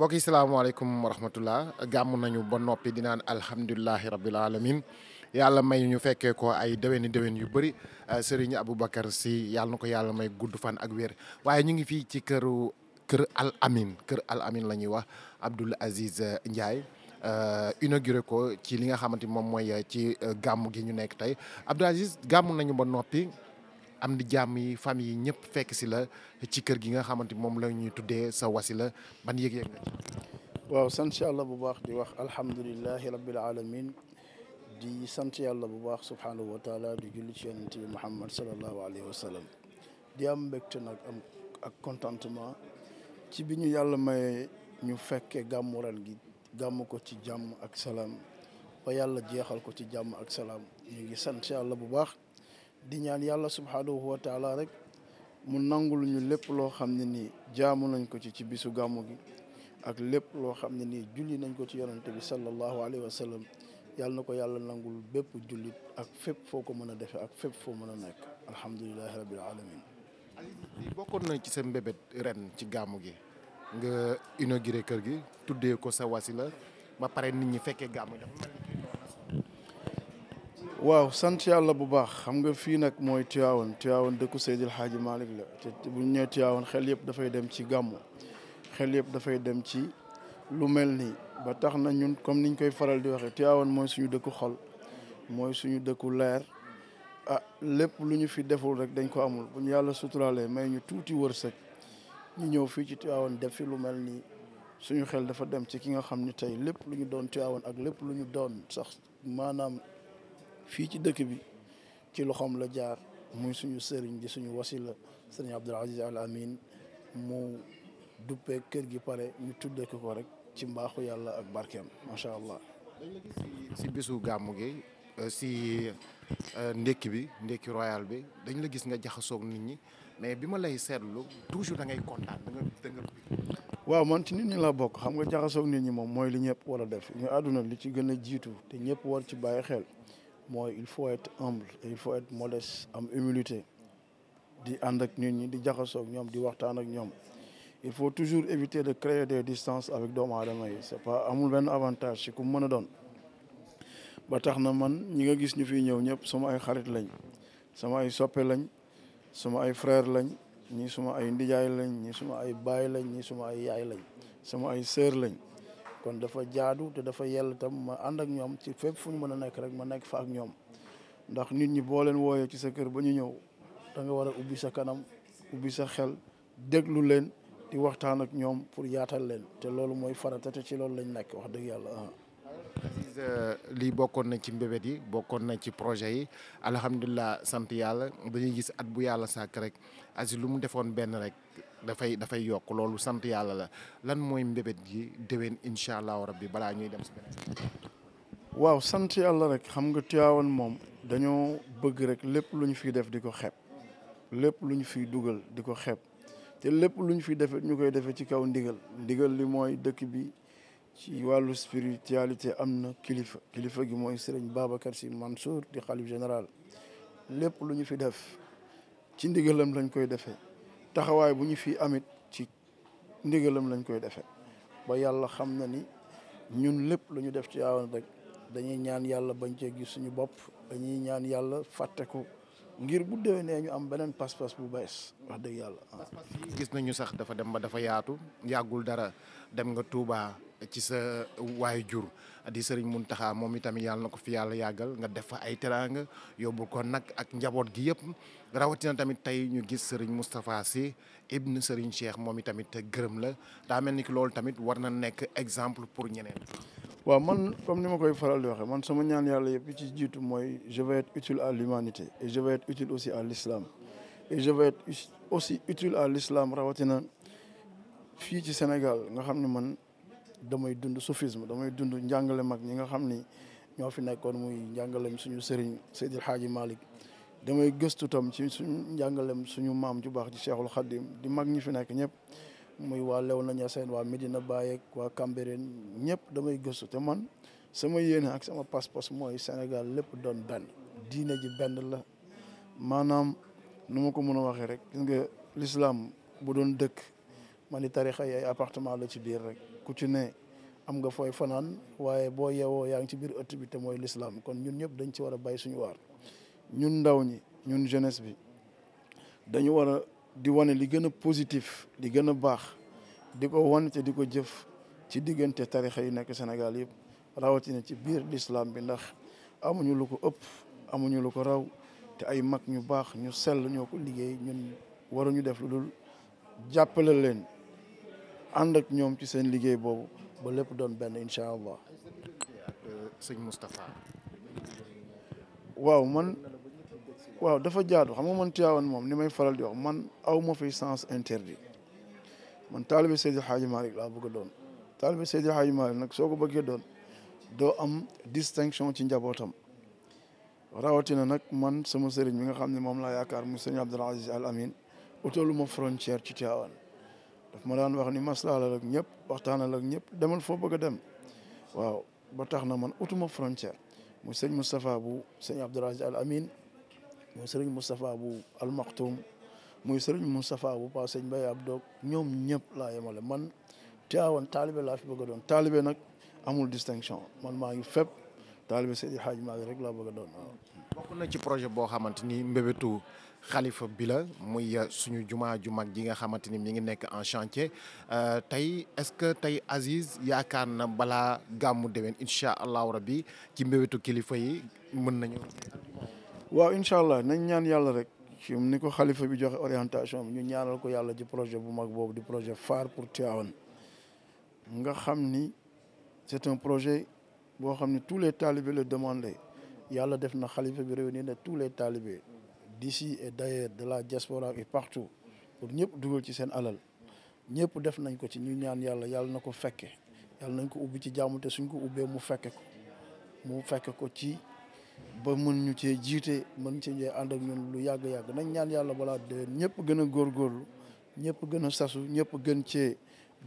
mbokk yi salaamaaleykum wa rahmatullah gàmm nañu ba noppi di naan alhamdulilahi rabbil alamin yàlla may ñu fekkee ko ay déwéni déwén yu bëri euh, Serigne Aboubacar si yàlla na ko yàlla may gudd fan ak wér waaye ñu ngi fii ci këru kër Al Amin kër Al Amin la ñuy wax Abdoul Aziz Ndiaye euh, inauguré ko ci li nga xamante moom mooy ci gàmm gi ñu nekk tey Abdoul Aziz gàmm nañu ba noppi. am di jàmm yi famille yi ñëpp fekk si la ci kër gi nga xamante moom la ñuy tuddee sa wasila ban yëg-yëg nga ci waaw sant yàlla bu baax di wax alhamdulilahi rabbil alamin di sant yàlla bu baax subhaanahu wa di julli ci yonent bi Muhammad sallallahu alayhi wa sallam di am mbégte nag am contentement ci bi ñu yàlla may ñu fekkee gàmmu gi gàmm ko ci jàmm ak salaam ba yàlla jeexal ko ci jàmm ak salaam ñu ngi sant yàlla bu baax di ñaan yàlla subhaanahu wa taala rek mu nangul ñu lépp loo xam ne nii jaamu nañ ko ci ci bisu gàmmu gi ak lépp loo xam ne nii julli nañ ko ci yonante bi sallallahu alayhi wa sallam yàlla na ko yàlla nangul bépp jullit ak fépp foo ko mën a defee ak fépp foo mën a nekk alhamdulilahi rabbil alamin bokkoon na ci sa mbébét ren ci gàmmu gi nga inauguré kër gi tuddee ko sa la ba pare nit ñi fekkee gàmmu gi waaw sant yàlla bu baax xam nga fii nag mooy Tivaouane Tivaouane dëkku Seydil Hadji Malick la te bu ñu nee Tivaouane xel yëpp dafay dem ci gàmmu xel yëpp dafay dem ci lu mel nii ba tax na ñun comme niñ koy faral di waxee Tivaouane mooy suñu dëkku xol mooy suñu dëkku leer ah lépp lu ñu fi deful rek dañ ko amul bu ñu yàlla suturaalee may ñu tuuti wërsëg ñu ñëw fii ci Tivaouane def fi lu mel nii suñu xel dafa dem ci ki nga xam ni tey lépp lu ñu doon Tivaouane ak lépp lu ñu doon sax fii ci dëkk bi ci loxoom la jaar muy suñu sëriñ di suñu wasila sëriñ Abdul Aziz Al Amin mu duppee kër gi pare ñu tuddee ko rek ci mbaaxu yàlla ak barkeem macha allah. si bisu gàmmu gi si euh, euh, ndékki bi ndékki royal bi dañ la gis nga jaxasoog nit ñi mais bi ma lay seetlu toujours da ngay kontaan da nga waaw man ci nit ñi laa bokk xam nga jaxasoog nit ñi moom mooy li ñëpp war a def ñu àdduna li ci gën a jiitu te ñëpp war ci bàyyi xel. mooy il faut être humble et il faut être modeste am humilité di ànd ak nit ñi di jaxasook ñoom di waxtaan ak ñoom il faut toujours éviter de créer des distances avec doomu aadama yi c'est pas amul benn avantage ci ku mën a doon ba tax na man ñi nga gis ñu fi ñëw ñëpp suma ay xarit lañ sama ay soppe lañ suma ay frère lañ ñi suma ay ndijaay lañ ñi suma ay baay lañ ñi suma ay yaay lañ sama ay sœur lañ kon dafa jaadu te dafa yell tam ma ànd ak ñoom ci fépp fu ñu mën a nekk rek ma nekk fa ak ñoom ndax nit ñi boo leen wooyee ci sa kër ba ñu ñëw da nga war a ubbi sa kanam ubbi sa xel déglu leen di waxtaan ak ñoom pour yaatal leen te loolu mooy farata te ci loolu lañ nekk wax dëgg yàlla Aziz euh, lii bokkoon na ci mbébét yi bokkoon na ci projet yi alhamdulilah sant yàlla dañuy gis at bu yàlla sàkk rek Aziz lu mu defoon benn rek dafay dafay yokk loolu sant yàlla la lan mooy mbébét gi déwén incha allahu rabbi balaa ñuy dem si beneen. waaw sant yàlla rek xam nga Tiwaawan moom dañoo bëgg rek lépp lu ñu fi def di ko xep lépp lu ñu fi dugal di ko xeeb te lépp lu ñu fiy def ñu koy defee ci kaw ndigal ndigal li mooy dëkk bi ci wàllu spiritualité am na kilifa kilifa gi mooy sëriñ Babacar Sy Mansour di xalif général lépp lu ñu fi def ci ndigalam lañ koy defee. taxawaay bu ñu fi amit ci ndigalam lañ koy defee ba yàlla xam na ni ñun lépp lañu def ci Tiwaawan rek dañuy ñaan yàlla bañ cee gis suñu bopp dañuy ñaan yàlla fàtte ko ngir bu nee ñu am beneen pas-pas bu bees wax dëgg yàlla. gis nañu sax dafa dem ba dafa yaatu yàggul dara dem nga Touba. ci sa waayu jur di sëriñ Muntaxa moom itamit yàlla na ko fi yàlla yàggal nga def fa ay teraanga yóbbul ko nag ak njaboot gi yëpp rawatina tamit tey ñu gis sëriñ Moustapha Sy ibn sëriñ Cheikh moom itamit gërëm la daa mel ni ki loolu tamit war na nekk exemple pour ñeneen. waaw man comme ni ma koy faral di waxee man sama ñaan yàlla yëpp ci jiitu mooy je vais être utile à et je vais être utile aussi à l'islam et je vais être l'islam rawatina fii ci Sénégal nga xam ne man. damay dund soufisme damay dund njàngale mag ñi nga xam ni ñoo fi nekkoon muy njàngalem suñu sëriñ Seydil Hadji malik damay gëstu tam ci suñu njàngalem suñu maam ju baax ci Cheikhul Khadim di mag ñi fi nekk ñëpp muy waa Léona Niassène waa Medina Baye ak waa Cambérène ñëpp damay gëstu te man sama yéene ak sama pas-pas mooy Sénégal lépp doon benn diine ji benn la maanaam nu ma ko mën a waxee rek gis nga l'islam bu doon dëkk ma ni tarixa yi ay appartement la ci biir rek ku ci ne am nga fooy fanaan waaye boo yeewoo yaa ngi ci biir ëtt bi te mooy lislaam kon ñun ñëpp dañ ci war a bàyyi suñu waar ñun ndaw ñi ñun jeunesse bi dañu war a di wane li gën a positif li gën baax di ko wan te di ko jëf ci diggante tarixa yi nekk Sénégal yëpp rawatina ci biir lislaam bi ndax amuñu lu ko ëpp amuñu lu ko raw te ay mag ñu baax ñu sell ñoo ko liggéey ñun waruñu def lu dul jàppale leen ànd ak ñoom ci seen liggéey boobu ba lépp doon benn incha allah. sëñ Moustapha. waaw man waaw dafa jaadu xam nga man Tivaouane moom ni may faral di wax man aw ma fi sens interdit man taalibe Seydil Hadji Malick laa bëgg a doon taalibe Seydil Hadji Malick nag soo ko bëggee doon doo am distinction ci njabootam rawatina nag man sama sëriñ mi nga xam ne moom laa yaakaar mu sëñ Abdoul Aziz Al Amin utalu ma ci Tivaouane daf ma daan wax ni maslaalal ak ñëpp waxtaanal ak ñëpp demal foo bëgg a dem waaw ba tax na man utuma frontière mu sëñ Moustapha bu sëñ Abdoulaye Al Amin muy sëriñ Moustapha bu Al Maktoum muy sëriñ Moustapha bu Pa sëñ Baye Abdou ñoom ñëpp laa yemale man Tiwaawan taalibe laa fi bëgg a doon nag amul distinction man maa ngi fépp taalibe Seydi Hadji Malick rek laa bëgg waaw. bokk na ci projet boo xamante ni mbébétu xalifa bi la muy euh, suñu jumaa ju mag ji nga xamante ni mi ngi nekk en chantier euh, tey est-ce que tey Aziz yaakaar na balaa gàmmu déwén incha allahu rabbi ci mbéwetu kilifa yi mën nañu. waaw incha allah nañ ñaan yàlla rek ci ni ko xalifa bi joxe orientation bi ñu ñaanal ko yàlla ji projet bu mag boobu di projet phare pour Tivaouane nga xam ni c'est un projet boo xam ni tous les talibés le demandent yàlla def na xalifa bi réunir na tous les talibés. d'ici et d'ailleurs de la diaspora et partout pour ñëpp dugal ci seen alal ñëpp def nañ ko ci ñu ñaan yàlla yàlla na ko fekke yàlla nañ ko ubbi ci jàmm suñ ko ubbee mu fekke ko mu fekke ko ci ba mën ñu cee jiite mën ci ñee ànd ak ñun lu yàgg-yàgg nañ ñaan yàlla balaa déwén ñëpp gën a góorlu ñëpp gën a sasu ñëpp gën cee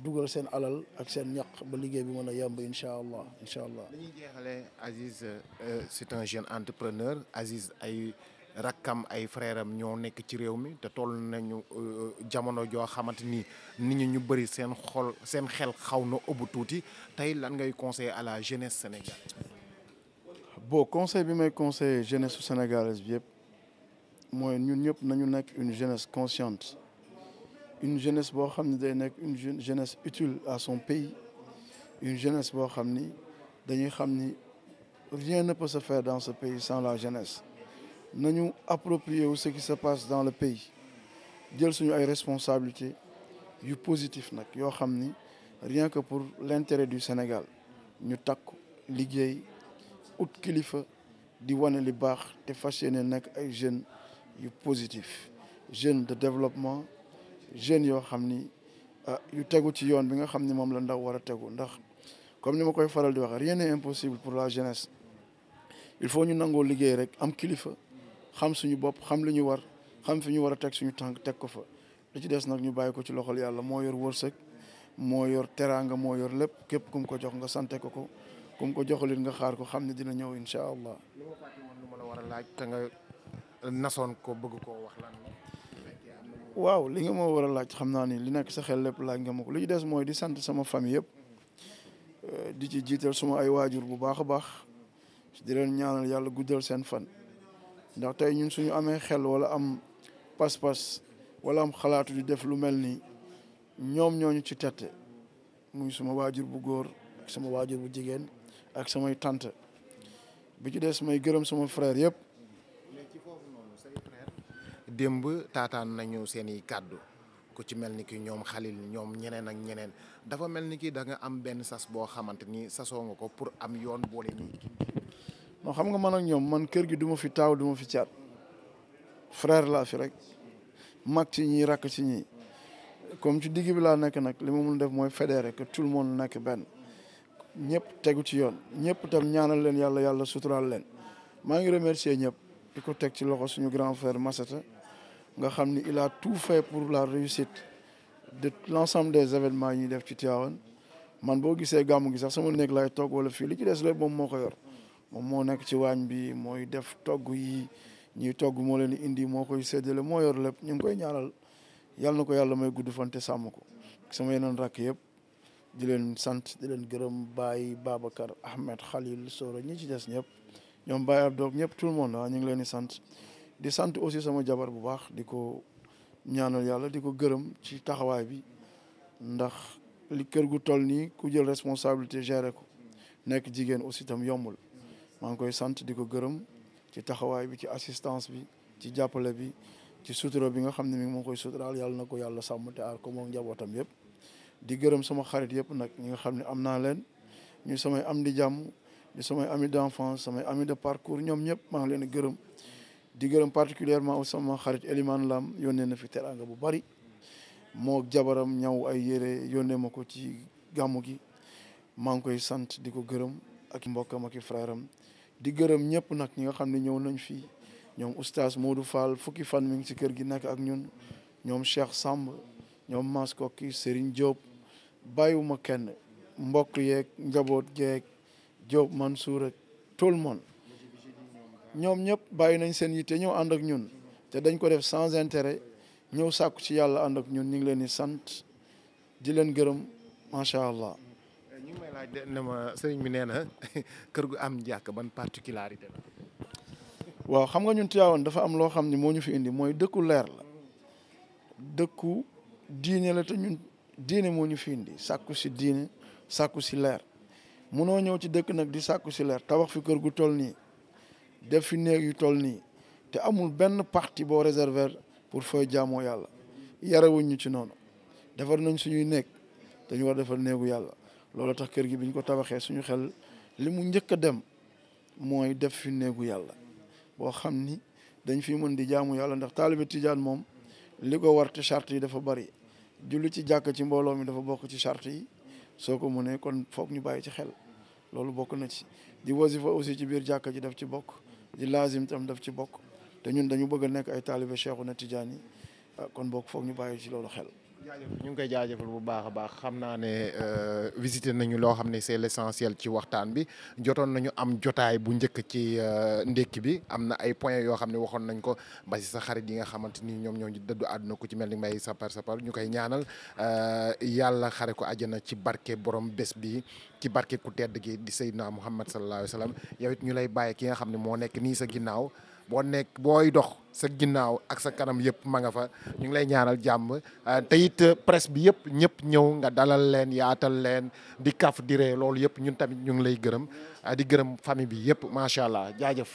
dugal seen alal ak seen ñaq ba liggéey bi mën a yemb incha allah incha allah. dañuy jeexale Aziz euh, c'est un jeune entrepreneur Aziz ay. rakkam ay frère ñoo nekk ci réew mi te toll nañu euh, jamono joo xamante ni nit ñi ñu bëri seen xol seen xel xaw na ëbb tuuti tey lan ngay conseiller à la jeunesse sénégalaise. boo conseil bi may conseiller jeunesse sénégalaise bi yëpp mooy ñun ñëpp nañu nekk une jeunesse consciente une jeunesse boo xam ne day nekk une jeunesse utile à son pays boo xam ni dañuy xam ni rien ne peut se faire dans ce pays sans la jeunesse. nañu approprier wu ce qui se passe dans le pays jël suñu ay responsabilités yu positif nag yoo xam ni rien que pour l'intérêt du Sénégal ñu takku liggéey ut kilifa di wane li baax te fas yéene nekk ay jeunes yu positif jeunes de développement jeunes yoo xam ni ah, yu tegu ci yoon bi nga xam ni moom la ndaw war a tegu ndax comme ni ma koy faral di wax rien n'est impossible pour la jeunesse il faut ñu nangoo liggéey rek am kilifa xam suñu bopp xam lu ñu war xam fi ñu war a teg suñu tànk teg ko fa li ci des nag ñu bàyyi ko ci loxol yàlla moo yor wërsëg moo yor teraanga moo yor lépp képp kum ko jox nga sante ko ko ku mu ko joxalit nga xaar ko xam ne dina ñëw incha allah. lu ma fàtte war a laaj te nga nasoon ko bëgg koo wax lan waaw li nga ma war a laaj xam naa ni li nekk sa xel lépp laaj nga ma ko li ci des mooy di sant sama famille yëpp eh, di ci jiital suma ay waajur bu baax a baax di leen ñaanal yàlla guddal seen fan. ndax tey ñun suñu amee xel wala am pas-pas wala am xalaatu di def lu mel nii ñoom ñooñu ci tette muy suma waajur bu góor ak sama waajur bu jigéen ak sumay tante bi ci des may gërëm suma frère yëpp. démb taataan nañu seeni kàddu ku ci mel ni ki ñoom xalil ñoom ñeneen ak ñeneen dafa mel ni kii da nga am benn sas boo xamante ni sasoo nga ko pour am yoon boole ñuy non xam nga man a ñoom man kër gi du ma fi taaw du fi caat frère laa fi rek mag ci ñi rakk ci ñi comme ci digg bi laa nekk nag li ma mun def mooy fédéré que tout le monde nekk benn ñëpp tegu ci yoon ñëpp tam ñaanal leen yàlla yàlla suturaal leen maa ngi remercier ñëpp di ko teg ci loxo suñu grand frère Massata nga xam ni il a tout fait pour la réussite de l'ensemble des événements yi ñuy def ci Tivaouane man boo gisee gàmmu gi sax sama néeg laay toog wala fii li ci des moom moo ko yor moom moo nekk ci waañ bi mooy def togg yi ñuy togg moo leen indi moo koy séddale moo yor lépp ñu ngi koy ñaanal yàlla na ko yàlla may gudd fante sàmm ko sama yeneen rakk yëpp di leen sant di leen gërëm Baye Babacar Ahmed Khalil Soro ñi ci des ñëpp ñoom Baye Abdou ñëpp tout le monde ah ñu ngi leen di sant di sant aussi sama jabar bu baax di ko ñaanal yàlla di ko gërëm ci taxawaay bi ndax li kër gu toll nii ku jël responsabilité gere ko nekk jigéen aussi tam yombul maa ngi koy sant di ko gërëm ci taxawaay bi ci assistance bi ci jàppale bi ci sutura bi nga xam ne mi ngi koy suturaal yàlla na ko yàlla sàmm te aar ko moom njabootam yëpp di gërëm sama xarit yëpp nag ñi nga xam ne am naa leen ñu samay am di jàmm di samay ami d'enfance samay ami de ñoom ñëpp maa ngi leen di gërëm di gërëm particulièrement aussi sama xarit Elimane yónnee na fi teraanga bu bari moo jabaram ñaw ay yére yónnee ma ko ci gàmmu gi maa ngi koy sant di ko gërëm ak mbokkam ak i di gërëm ñëpp nag ñi nga xam ne ñëw nañ fii ñoom oustaz Modou Fall fukki fan mi ngi ci kër gi nekk ak ñun ñoom Cheikh Samb ñoom Mas Kokki Serigne Diop bàyyiwuma kenn mbokk yeeg njaboot geeg Diop Mansour ak tout le monde ñoom ñëpp bàyyi nañ seen yitte ñëw ànd ak ñun te dañ ko def sans intérêt ñëw sàkku si yàlla ànd ak ñun ñu ngi leen di sant di leen gërëm macha allah. laaj de ne bi nee na kër gu am jàkk ban particularité la. waaw xam nga ñun Tivaouane dafa am loo xam ni moo ñu fi indi mooy dëkku leer la dëkku diine la ñun diine moo ñu fi indi sàkku si diine sàkku si leer munoo ñëw ci dëkk nag di sàkku si leer tabax fi kër gu toll nii def fi néeg yu toll nii te amul benn partie boo réserver pour fooy jaamoo yàlla yarewuñ ñu ci noonu defar nañ suñuy néeg dañu war defar néegu yàlla loolu tax kër gi bi ñu ko tabaxee suñu xel li mu njëkk a dem mooy def fi néegu yàlla boo xam ni dañ fi mën di jaamu yàlla ndax taalibe tijaan moom li ko war te yi dafa bari julli ci jàkk ci mbooloo mi dafa bokk ci chart yi soo ko mënee kon foog ñu bàyyi ci xel loolu bokk na ci di fa aussi ci biir jàkk ji def ci bokk di lazim tam daf ci bokk te ñun dañu bëgg a nekk ay taalibe na tijaan yi ah, kon bokk foog ñu bàyyi ci loolu xel jaajëf ñu ngi koy jaajëfal bu baax a baax xam naa ne euh, visité nañu loo xam ne c'est l'essentiel ci waxtaan bi jotoon nañu am jotaay bu njëkk ci euh, ndekki bi am na ay points yoo xam ne waxoon nañ ko ba sa xarit yi nga xamante ni ñoom ñoo dëddu àdduna ku ci mel ni may sapar sapar ñu koy ñaanal euh, yàlla xare ko àjjana ci barke borom bés bi ci barke ku tedd gi di Seydina Muhammad sallallahu alayhi wa sallam yow it ñu lay bàyyi ki nga xam ne moo nekk nii sa ginnaaw boo nekk booy dox sa ginnaaw ak sa kanam yëpp ma nga fa ñu ngi lay ñaanal jàmm ah, te it euh, presse bi yëpp ñëpp ñëw nga dalal leen yaatal leen di kaf di ree loolu yëpp ñun tamit ñu ngi lay gërëm ah, di gërëm famille bi yëpp macha allah jaajëf.